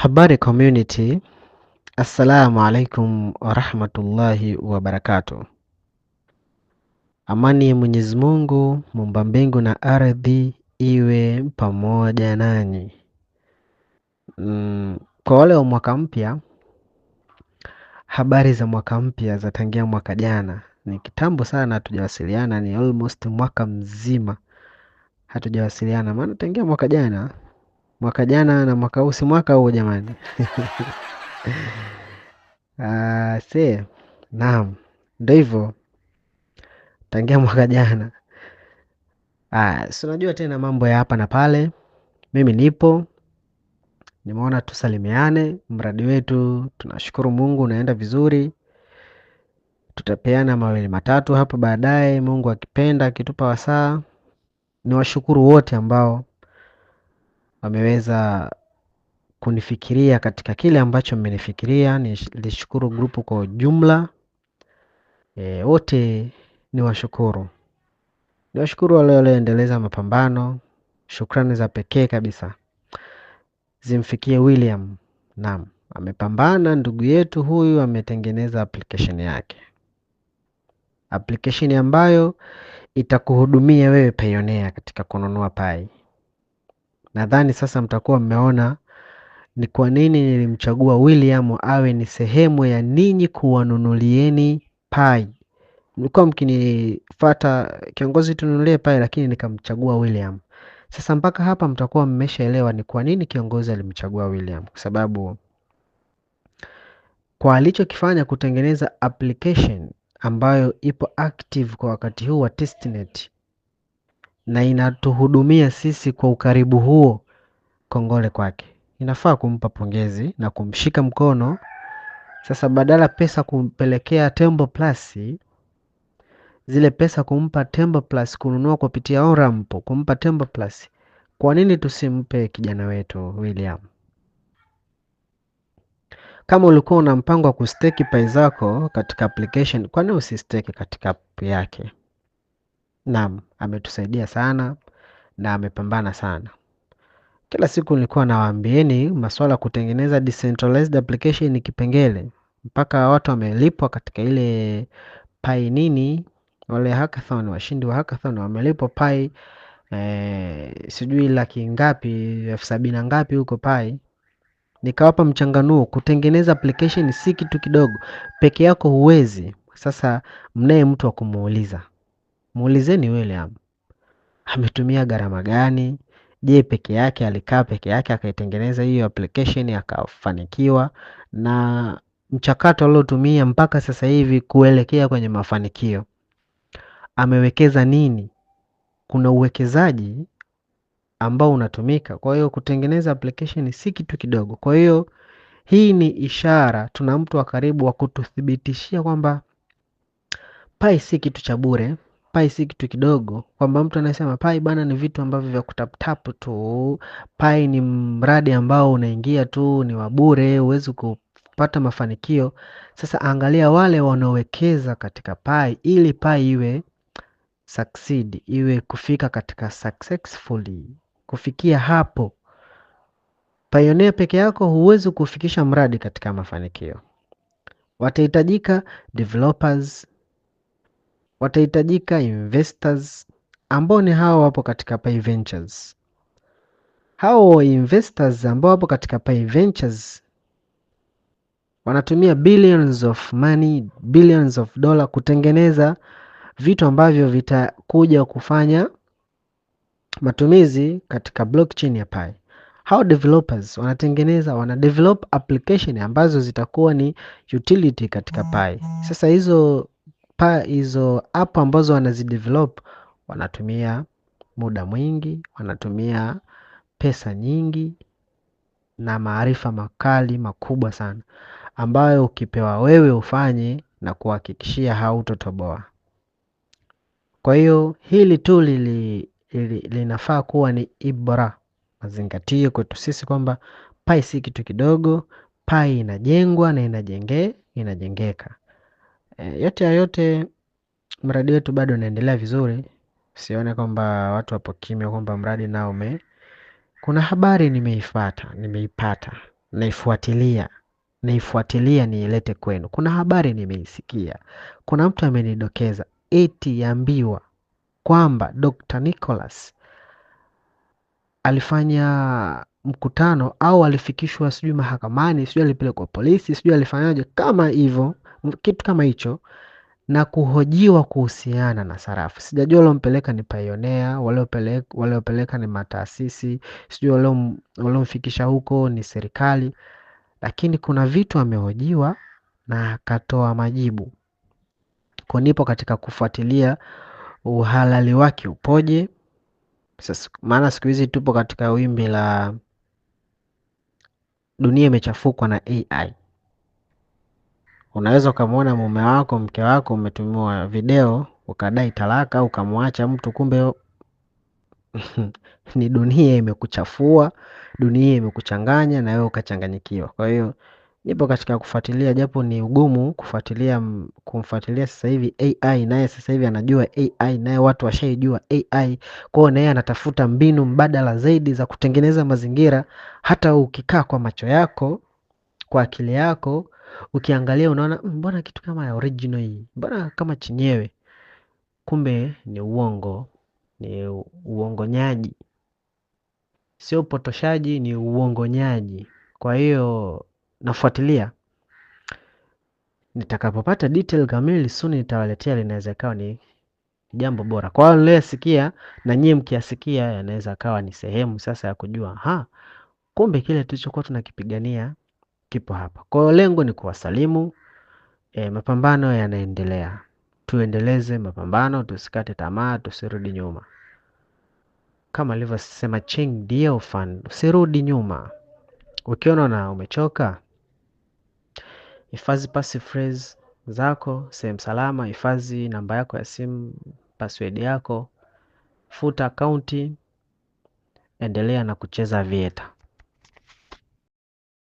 Habari community, assalamu alaikum warahmatullahi wabarakatu Amani ya Mwenyezi Mungu mumba mbingu na ardhi iwe pamoja nanyi. Mm, kwa wale wa mwaka mpya, habari za mwaka mpya za tangia mwaka jana, ni kitambo sana hatujawasiliana, ni almost mwaka mzima hatujawasiliana, maana tangia mwaka jana mwaka jana na mwaka huu, si mwaka huu jamani. se ah, see, naam, ndo hivyo tangia mwaka jana. Ah, si unajua tena mambo ya hapa na pale. Mimi nipo, nimeona tusalimiane. Mradi wetu tunashukuru Mungu unaenda vizuri, tutapeana mawili matatu hapo baadaye, Mungu akipenda, akitupa wasaa. Niwashukuru wote ambao wameweza kunifikiria katika kile ambacho mmenifikiria. Nilishukuru grupu kwa ujumla e, wote ni washukuru, ni washukuru wale walioendeleza mapambano. Shukrani za pekee kabisa zimfikie William. Naam, amepambana ndugu yetu huyu, ametengeneza application yake, application ambayo itakuhudumia wewe payonea katika kununua pai. Nadhani sasa mtakuwa mmeona ni kwa nini nilimchagua William awe ni sehemu ya ninyi kuwanunulieni pai. Mlikuwa mkinifata kiongozi tununulie pai, lakini nikamchagua William. Sasa mpaka hapa mtakuwa mmeshaelewa ni kwa nini kiongozi alimchagua William, kwa sababu kwa alichokifanya kutengeneza application ambayo ipo active kwa wakati huu wa testnet na inatuhudumia sisi kwa ukaribu huo, kongole kwake. Inafaa kumpa pongezi na kumshika mkono. Sasa badala pesa kumpelekea Tembo Plus, zile pesa kumpa Tembo Plus, kununua kupitia Orampo, kumpa Tembo Plus. Kwa nini tusimpe kijana wetu William? Kama ulikuwa una mpango wa kusteki pai zako katika application, kwa nini usisteki katika app yake? Naam, ametusaidia sana na amepambana sana. Kila siku nilikuwa nawaambieni masuala kutengeneza decentralized application ni kipengele. Mpaka watu wamelipwa katika ile pai nini wale hackathon, washindi wa hackathon wamelipwa pai eh, sijui laki ngapi elfu sabini na ngapi huko pai. Nikawapa mchanganuo kutengeneza application si kitu kidogo, peke yako huwezi. Sasa mnaye mtu wa kumuuliza Muulizeni William ametumia gharama gani? Je, peke yake alikaa peke yake akaitengeneza hiyo application akafanikiwa? Na mchakato aliotumia mpaka sasa hivi kuelekea kwenye mafanikio, amewekeza nini? Kuna uwekezaji ambao unatumika. Kwa hiyo kutengeneza application si kitu kidogo. Kwa hiyo hii ni ishara, tuna mtu wa karibu wa kututhibitishia kwamba pai si kitu cha bure. Pai si kitu kidogo, kwamba mtu anasema pai bana ni vitu ambavyo vya kutaptap tu, pai ni mradi ambao unaingia tu, ni wa bure, huwezi kupata mafanikio. Sasa angalia wale wanaowekeza katika pai ili pai iwe succeed, iwe kufika katika successfully, kufikia hapo. Pioneer peke yako huwezi kufikisha mradi katika mafanikio. Watahitajika developers, watahitajika investors ambao ni hao wapo katika Pi Ventures. Hao investors ambao wapo katika Pi Ventures wanatumia billions of money, billions of dollar kutengeneza vitu ambavyo vitakuja kufanya matumizi katika blockchain ya Pi. Hao developers wanatengeneza, wana develop application ambazo zitakuwa ni utility katika Pi. Sasa hizo pa hizo app ambazo wanazidevelop wanatumia muda mwingi, wanatumia pesa nyingi na maarifa makali makubwa sana ambayo ukipewa wewe ufanye na kuhakikishia hautotoboa. Kwa hiyo hili tu lili, lili, linafaa kuwa ni ibra, mazingatio kwetu sisi kwamba pai si kitu kidogo, pai inajengwa na inajenge, inajengeka. Eh, yote ya yote mradi wetu bado unaendelea vizuri, sione kwamba watu wapo kimya kwamba mradi nao ume. Kuna habari nimeifuata, nimeipata, naifuatilia, naifuatilia niilete kwenu. Kuna habari nimeisikia, kuna mtu amenidokeza eti yambiwa kwamba Dr. Nicholas alifanya mkutano au alifikishwa sijui mahakamani sijui alipelekwa polisi sijui alifanyaje kama hivyo kitu kama hicho na kuhojiwa kuhusiana na sarafu. Sijajua waliompeleka ni payonea, waliopeleka ni mataasisi, sijui waliomfikisha huko ni serikali, lakini kuna vitu amehojiwa na akatoa majibu. Kwa nipo katika kufuatilia uhalali wake upoje. Sasa maana siku hizi tupo katika wimbi la dunia imechafukwa na AI. Unaweza ukamwona mume wako, mke wako, umetumiwa video ukadai talaka, ukamwacha mtu, kumbe ni dunia imekuchafua, dunia imekuchanganya na wewe ukachanganyikiwa. Kwa hiyo nipo katika kufuatilia, japo ni ugumu kufuatilia, kumfuatilia sasa hivi AI naye sasa hivi anajua AI naye, watu washaijua AI kwao, naye anatafuta mbinu mbadala zaidi za kutengeneza mazingira, hata ukikaa kwa macho yako kwa akili yako ukiangalia unaona hmm, mbona kitu kama ya original hii, mbona kama chenyewe, kumbe ni uongo, ni uongonyaji, sio upotoshaji, ni uongonyaji. Kwa hiyo nafuatilia, nitakapopata detail kamili soon nitawaletea. Linaweza ikawa ni jambo bora kwa wale waliosikia, na nyie mkiasikia, yanaweza kawa ni sehemu sasa ya kujua ha, kumbe kile tulichokuwa tunakipigania kipo hapa. Kwa hiyo lengo ni kuwasalimu e, mapambano yanaendelea, tuendeleze mapambano, tusikate tamaa, tusirudi nyuma kama alivyosema Cheng Dio Fan, usirudi nyuma. Ukiona na umechoka, hifadhi pasi phrase zako sehemu salama, hifadhi namba yako ya simu, password yako, futa akaunti, endelea na kucheza vieta.